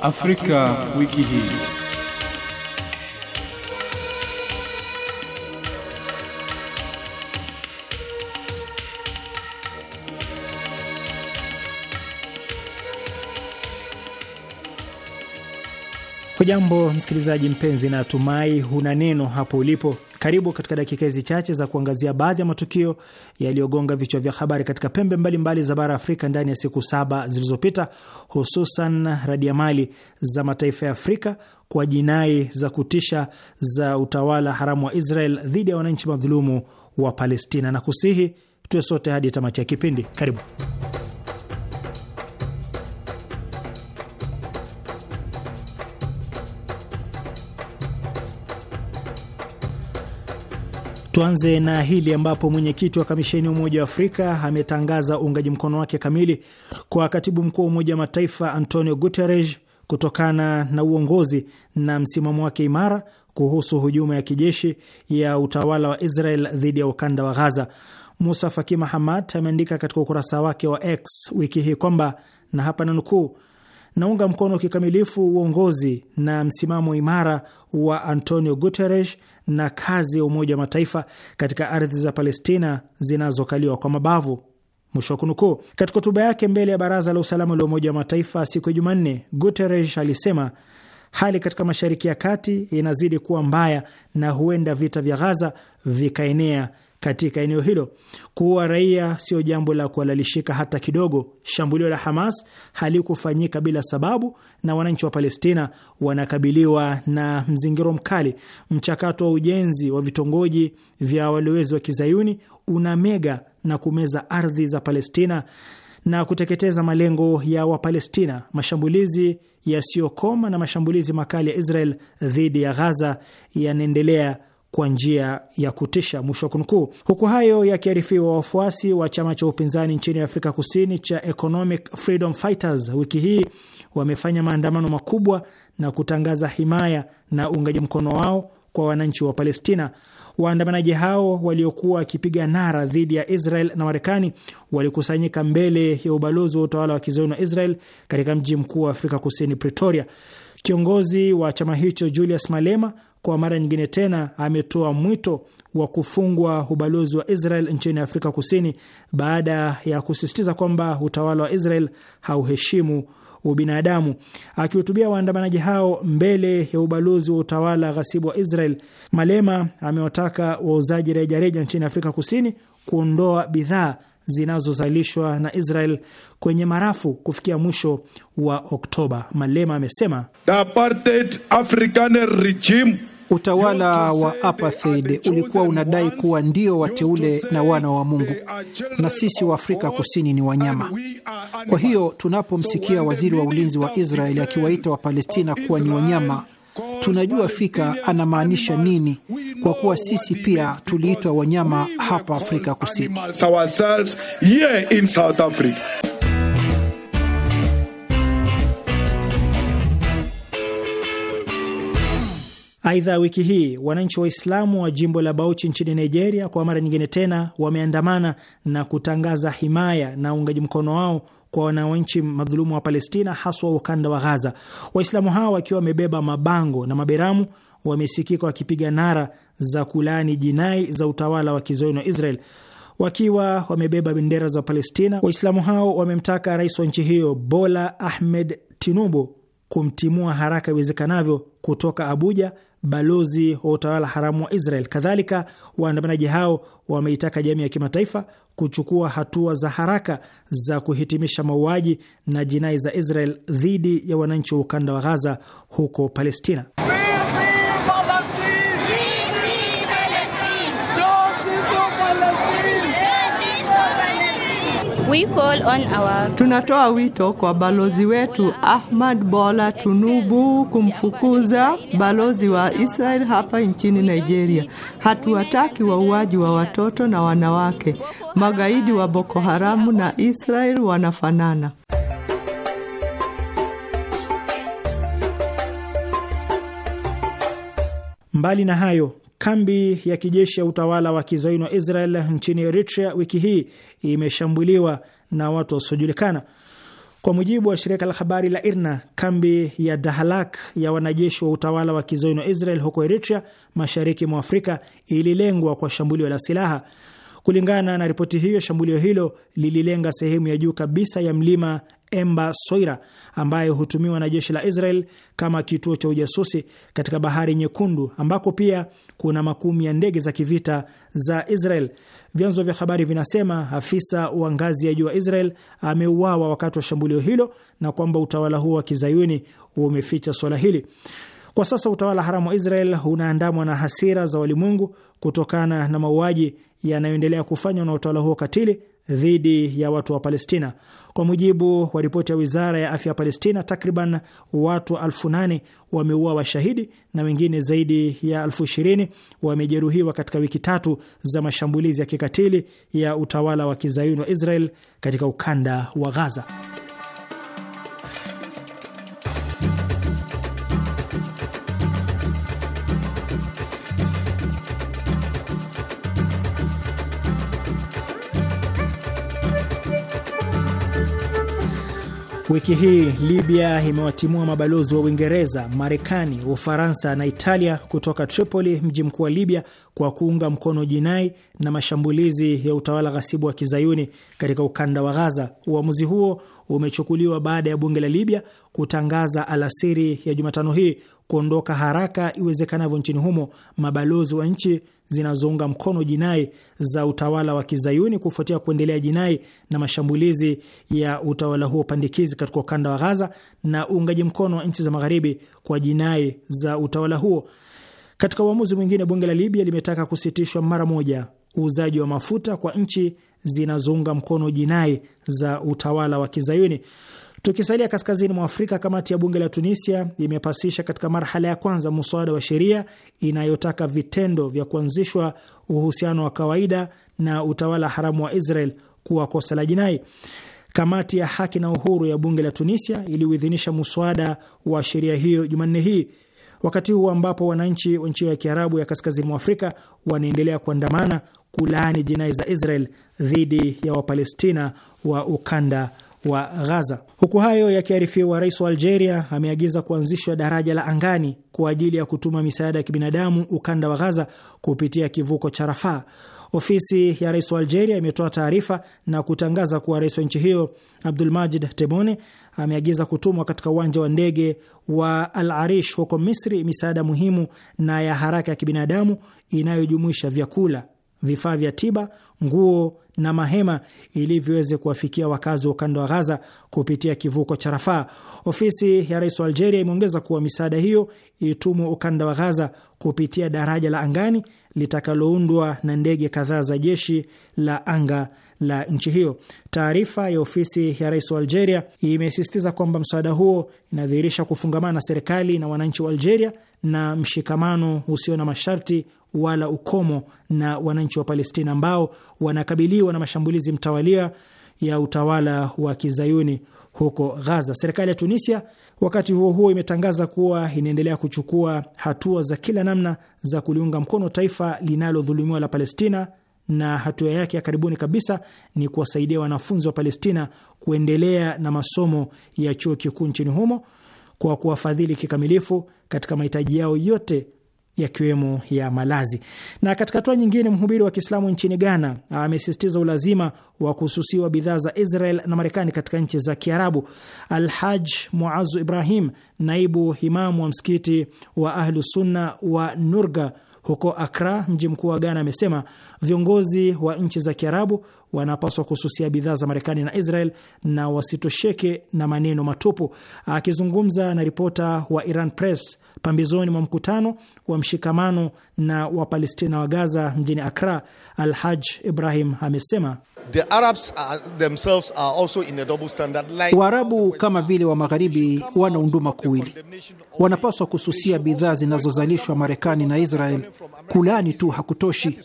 Afrika wiki hii. Hujambo msikilizaji mpenzi, na tumai huna neno hapo ulipo karibu katika dakika hizi chache za kuangazia baadhi ya matukio yaliyogonga vichwa vya habari katika pembe mbalimbali mbali za bara Afrika ndani ya siku saba zilizopita, hususan radiamali za mataifa ya Afrika kwa jinai za kutisha za utawala haramu wa Israel dhidi ya wananchi madhulumu wa Palestina, na kusihi tuwe sote hadi tamati ya kipindi. Karibu. Tuanze na hili ambapo mwenyekiti wa kamisheni ya Umoja wa Afrika ametangaza uungaji mkono wake kamili kwa katibu mkuu wa Umoja wa Mataifa Antonio Guterres kutokana na uongozi na msimamo wake imara kuhusu hujuma ya kijeshi ya utawala wa Israel dhidi ya ukanda wa Ghaza. Musa Faki Mahamat ameandika katika ukurasa wake wa X wiki hii kwamba na hapa nanukuu, Naunga mkono kikamilifu uongozi na msimamo imara wa Antonio Guterres na kazi ya Umoja wa Mataifa katika ardhi za Palestina zinazokaliwa kwa mabavu. Mwisho wa kunukuu. Katika hotuba yake mbele ya Baraza la Usalama la Umoja wa Mataifa siku ya Jumanne, Guterres alisema hali katika Mashariki ya Kati inazidi kuwa mbaya na huenda vita vya Ghaza vikaenea katika eneo hilo. Kuua raia sio jambo la kuhalalishika hata kidogo. Shambulio la Hamas halikufanyika bila sababu, na wananchi wa Palestina wanakabiliwa na mzingiro mkali. Mchakato wa ujenzi wa vitongoji vya walowezi wa kizayuni una mega na kumeza ardhi za Palestina na kuteketeza malengo ya Wapalestina. Mashambulizi yasiyokoma na mashambulizi makali ya Israel dhidi ya Ghaza yanaendelea kwa njia ya kutisha, mwisho wa kunukuu. Huku hayo yakiarifiwa, wafuasi wa chama cha upinzani nchini Afrika Kusini cha Economic Freedom Fighters wiki hii wamefanya maandamano makubwa na kutangaza himaya na uungaji mkono wao kwa wananchi wa Palestina. Waandamanaji hao waliokuwa wakipiga nara dhidi ya Israel na Marekani walikusanyika mbele ya ubalozi wa utawala wa kizayuni wa Israel katika mji mkuu wa Afrika Kusini, Pretoria. Kiongozi wa chama hicho Julius Malema kwa mara nyingine tena ametoa mwito wa kufungwa ubalozi wa Israel nchini Afrika Kusini baada ya kusisitiza kwamba utawala wa Israel hauheshimu ubinadamu. Akihutubia waandamanaji hao mbele ya ubalozi wa utawala ghasibu wa Israel, Malema amewataka wauzaji rejareja nchini Afrika Kusini kuondoa bidhaa zinazozalishwa na Israel kwenye marafu kufikia mwisho wa Oktoba. Malema amesema The apartheid regime Utawala wa apartheid ulikuwa unadai kuwa ndio wateule na wana wa Mungu, na sisi wa Afrika Kusini ni wanyama. Kwa hiyo tunapomsikia waziri wa ulinzi wa Israeli akiwaita Wapalestina kuwa ni wanyama, tunajua fika anamaanisha nini, kwa kuwa sisi pia tuliitwa wanyama hapa Afrika Kusini. Aidha, wiki hii wananchi Waislamu wa jimbo la Bauchi nchini Nigeria kwa mara nyingine tena wameandamana na kutangaza himaya na uungaji mkono wao kwa wananchi madhulumu wa Palestina, haswa ukanda wa Ghaza. Waislamu hao wakiwa wamebeba mabango na maberamu wamesikika wakipiga nara za kulaani jinai za utawala wa kizayuni wa Israel. Wakiwa wamebeba bendera za Palestina, Waislamu hao wamemtaka rais wa nchi hiyo Bola Ahmed Tinubu kumtimua haraka iwezekanavyo kutoka Abuja balozi wa utawala haramu wa Israel. Kadhalika, waandamanaji hao wameitaka jamii ya kimataifa kuchukua hatua za haraka za kuhitimisha mauaji na jinai za Israel dhidi ya wananchi wa ukanda wa Ghaza huko Palestina. We call on our... tunatoa wito kwa balozi wetu Ahmad Bola Tunubu kumfukuza balozi wa Israel hapa nchini Nigeria. Hatuwataki wauaji wa watoto na wanawake. Magaidi wa Boko Haramu na Israel wanafanana. Mbali na hayo Kambi ya kijeshi ya utawala wa kizayuni wa Israel nchini Eritrea wiki hii imeshambuliwa na watu wasiojulikana. Kwa mujibu wa shirika la habari la IRNA, kambi ya Dahalak ya wanajeshi wa utawala wa kizayuni wa Israel huko Eritrea, mashariki mwa Afrika, ililengwa kwa shambulio la silaha. Kulingana na ripoti hiyo, shambulio hilo lililenga sehemu ya juu kabisa ya mlima Emba Soira ambaye hutumiwa na jeshi la Israel kama kituo cha ujasusi katika Bahari Nyekundu ambako pia kuna makumi ya ndege za kivita za Israel. Vyanzo vya habari vinasema afisa wa ngazi ya juu wa Israel ameuawa wakati wa shambulio hilo na kwamba utawala huo wa kizayuni umeficha swala hili. Kwa sasa utawala haramu wa Israel unaandamwa na hasira za walimwengu kutokana na mauaji yanayoendelea kufanywa na utawala huo katili dhidi ya watu wa Palestina. Kwa mujibu wa ripoti ya wizara ya afya ya Palestina, takriban watu elfu nane wameua washahidi na wengine zaidi ya elfu ishirini wamejeruhiwa katika wiki tatu za mashambulizi ya kikatili ya utawala wa kizayuni wa Israel katika ukanda wa Ghaza. Wiki hii Libya imewatimua mabalozi wa Uingereza, Marekani, Ufaransa na Italia kutoka Tripoli, mji mkuu wa Libya, kwa kuunga mkono jinai na mashambulizi ya utawala ghasibu wa kizayuni katika ukanda wa Ghaza. Uamuzi huo umechukuliwa baada ya bunge la Libya kutangaza alasiri ya Jumatano hii kuondoka haraka iwezekanavyo nchini humo mabalozi wa nchi zinazounga mkono jinai za utawala wa kizayuni kufuatia kuendelea jinai na mashambulizi ya utawala huo pandikizi katika ukanda wa Ghaza na uungaji mkono wa nchi za magharibi kwa jinai za utawala huo. Katika uamuzi mwingine, bunge la Libya limetaka kusitishwa mara moja uuzaji wa mafuta kwa nchi zinazounga mkono jinai za utawala wa kizayuni. Tukisalia kaskazini mwa Afrika, kamati ya bunge la Tunisia imepasisha katika marhala ya kwanza muswada wa sheria inayotaka vitendo vya kuanzishwa uhusiano wa kawaida na utawala haramu wa Israel kuwa kosa la jinai. Kamati ya haki na uhuru ya bunge la Tunisia iliuidhinisha muswada wa sheria hiyo Jumanne hii wakati huu ambapo wananchi wa nchi ya Kiarabu ya kaskazini mwa Afrika wanaendelea kuandamana kulaani jinai za Israel dhidi ya Wapalestina wa ukanda wa Ghaza. Huku hayo yakiarifiwa, rais wa Algeria ameagiza kuanzishwa daraja la angani kwa ajili ya kutuma misaada ya kibinadamu ukanda wa Ghaza kupitia kivuko cha Rafaa. Ofisi ya rais wa Algeria imetoa taarifa na kutangaza kuwa rais wa nchi hiyo abdul majid Tebboune ameagiza kutumwa katika uwanja wa ndege wa Al Arish huko Misri misaada muhimu na ya haraka ya kibinadamu inayojumuisha vyakula vifaa vya tiba, nguo na mahema ili viweze kuwafikia wakazi wa ukanda wa Ghaza kupitia kivuko cha Rafaa. Ofisi ya rais wa Algeria imeongeza kuwa misaada hiyo itumwe ukanda wa Ghaza kupitia daraja la angani litakaloundwa na ndege kadhaa za jeshi la anga la nchi hiyo. Taarifa ya ofisi ya rais wa Algeria imesisitiza kwamba msaada huo inadhihirisha kufungamana na serikali na wananchi wa Algeria na mshikamano usio na masharti wala ukomo na wananchi wa Palestina ambao wanakabiliwa na mashambulizi mtawalia ya utawala wa kizayuni huko Gaza. Serikali ya Tunisia wakati huo huo imetangaza kuwa inaendelea kuchukua hatua za kila namna za kuliunga mkono taifa linalodhulumiwa la Palestina, na hatua yake ya karibuni kabisa ni kuwasaidia wanafunzi wa Palestina kuendelea na masomo ya chuo kikuu nchini humo kwa kuwafadhili kikamilifu katika mahitaji yao yote yakiwemo ya malazi. Na katika hatua nyingine, mhubiri wa Kiislamu nchini Ghana amesisitiza ulazima wa kuhususiwa bidhaa za Israel na Marekani katika nchi za Kiarabu. Alhaj Muazu Ibrahim, naibu imamu wa msikiti wa Ahlusunna wa Nurga huko Akra, mji mkuu wa Ghana, amesema viongozi wa nchi za Kiarabu wanapaswa kususia bidhaa za Marekani na Israel na wasitosheke na maneno matupu. Akizungumza na ripota wa Iran Press pambizoni mwa mkutano wa mshikamano na Wapalestina wa Gaza mjini Akra, Al Haj Ibrahim amesema The Arabs are themselves are also in a double standard like... Waarabu kama vile wa magharibi wana unduma kuwili, wanapaswa kususia bidhaa zinazozalishwa Marekani na Israel. Kulani tu hakutoshi.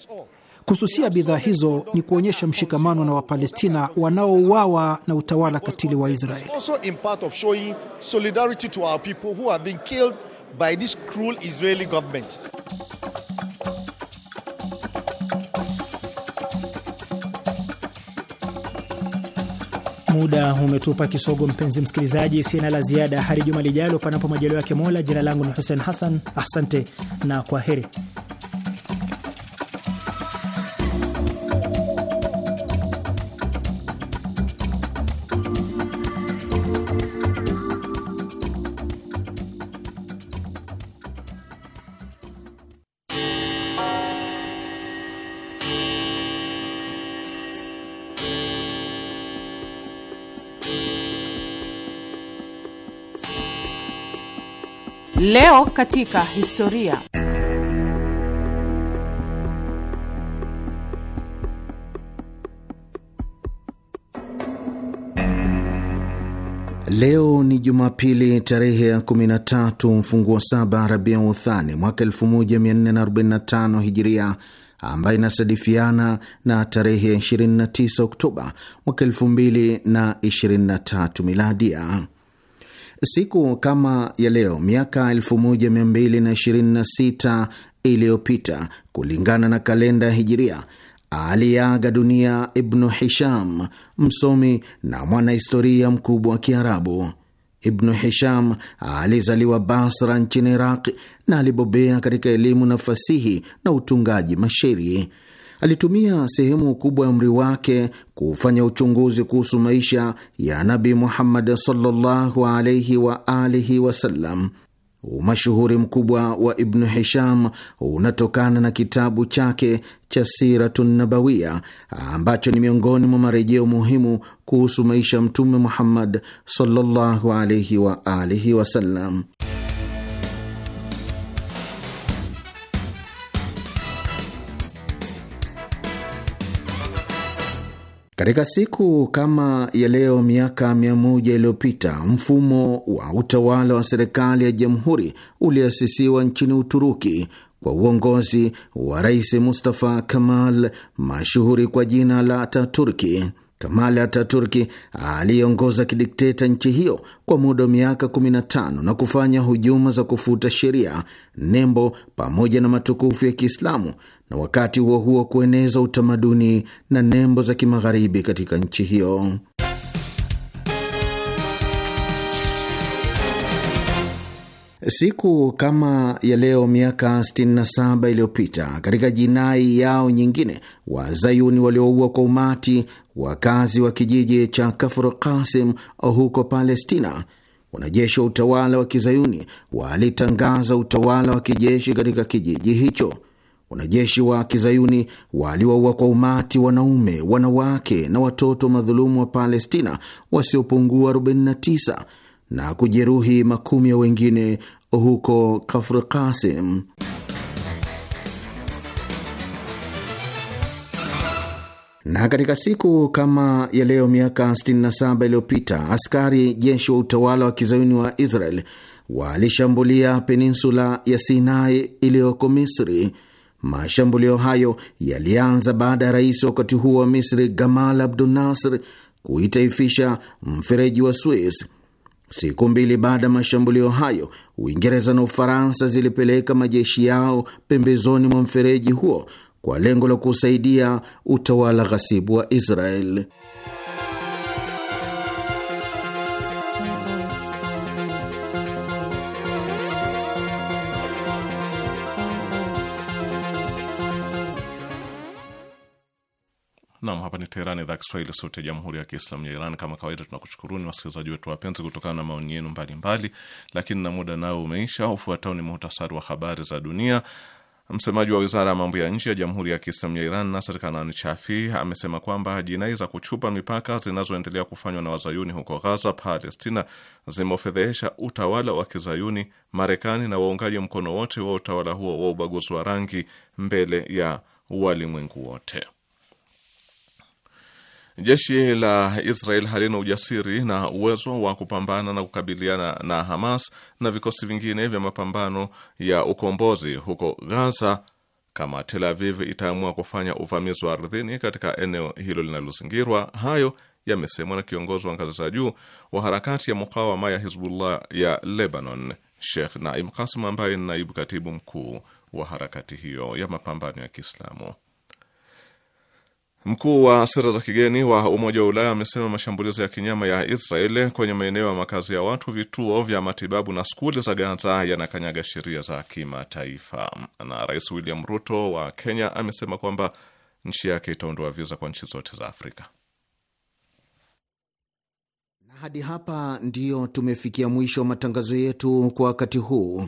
Kususia bidhaa hizo ni kuonyesha mshikamano na Wapalestina wanaouawa na utawala katili wa Israel. Muda umetupa kisogo, mpenzi msikilizaji, sina la ziada. Hadi juma lijalo, panapo majaliwa yake Mola. Jina langu ni Hussein Hassan, asante na kwa heri. Leo katika historia. Leo ni Jumapili tarehe ya 13 mfunguo saba Rabia Uthani mwaka 1445 Hijiria, ambayo inasadifiana na tarehe 29 Oktoba mwaka 2023 Miladia. Siku kama ya leo miaka 1226 iliyopita kulingana na kalenda Hijiria, aliaga dunia Ibnu Hisham, msomi na mwanahistoria mkubwa wa Kiarabu. Ibnu Hisham alizaliwa Basra nchini Iraq na alibobea katika elimu na fasihi na utungaji mashairi. Alitumia sehemu kubwa ya umri wake kufanya uchunguzi kuhusu maisha ya Nabi Muhammad sallallahu alaihi wa alihi wasallam. Umashuhuri mkubwa wa Ibnu Hisham unatokana na kitabu chake cha Siratu Nabawiya ambacho ni miongoni mwa marejeo muhimu kuhusu maisha ya Mtume Muhammad sallallahu alaihi wa alihi wasallam. Katika siku kama ya leo miaka mia moja iliyopita mfumo wa utawala wa serikali ya jamhuri uliasisiwa nchini Uturuki kwa uongozi wa Rais Mustafa Kamal mashuhuri kwa jina la Ataturki. Kamal Ataturki aliyeongoza kidikteta nchi hiyo kwa muda wa miaka 15 na kufanya hujuma za kufuta sheria, nembo pamoja na matukufu ya Kiislamu na wakati huo huo kueneza utamaduni na nembo za kimagharibi katika nchi hiyo. Siku kama ya leo miaka 67 iliyopita, katika jinai yao nyingine, wazayuni walioua kwa umati wakazi wa kijiji cha Kafur kasim huko Palestina, wanajeshi wa utawala wa kizayuni walitangaza utawala wa kijeshi katika kijiji hicho. Wanajeshi wa kizayuni waliwaua kwa umati wanaume, wanawake na watoto madhulumu wa Palestina wasiopungua 49 na kujeruhi makumi ya wengine huko Kafr Kasim. Na katika siku kama ya leo miaka 67 iliyopita askari jeshi wa utawala wa kizayuni wa Israel walishambulia peninsula ya Sinai iliyoko Misri. Mashambulio hayo yalianza baada ya rais wakati huo wa Misri Gamal abdu nasr kuitaifisha mfereji wa Suez. Siku mbili baada ya mashambulio hayo, Uingereza na Ufaransa zilipeleka majeshi yao pembezoni mwa mfereji huo kwa lengo la kusaidia utawala ghasibu wa Israel. Teheran, idhaa Kiswahili, sauti ya jamhuri ya kiislamu ya Iran. Kama kawaida, tunakushukuruni wasikilizaji wetu wapenzi, kutokana na maoni yenu mbalimbali, lakini na muda nao umeisha. Ufuatao ni muhtasari wa habari za dunia. Msemaji wa wizara ya mambo ya nje ya Jamhuri ya Kiislamu ya Iran Nasser Kanani Chafi amesema kwamba jinai za kuchupa mipaka zinazoendelea kufanywa na wazayuni huko Ghaza, Palestina, zimeufedhehesha utawala wa kizayuni, Marekani na waungaji mkono wote wa utawala huo wa ubaguzi wa rangi mbele ya walimwengu wote. Jeshi la Israel halina ujasiri na uwezo wa kupambana na kukabiliana na Hamas na vikosi vingine vya mapambano ya ukombozi huko Gaza kama Tel Aviv itaamua kufanya uvamizi wa ardhini katika eneo hilo linalozingirwa. Hayo yamesemwa na kiongozi wa ngazi za juu wa harakati ya mukawama ya Hizbullah ya Lebanon, Sheikh Naim Kasim, ambaye ni naibu katibu mkuu wa harakati hiyo ya mapambano ya Kiislamu. Mkuu wa sera za kigeni wa Umoja wa Ulaya amesema mashambulizi ya kinyama ya Israeli kwenye maeneo ya makazi ya watu, vituo vya matibabu na skuli za Gaza yanakanyaga sheria za kimataifa. Na Rais William Ruto wa Kenya amesema kwamba nchi yake itaondoa viza kwa nchi zote za Afrika. Na hadi hapa ndiyo tumefikia mwisho wa matangazo yetu kwa wakati huu.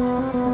Thank you.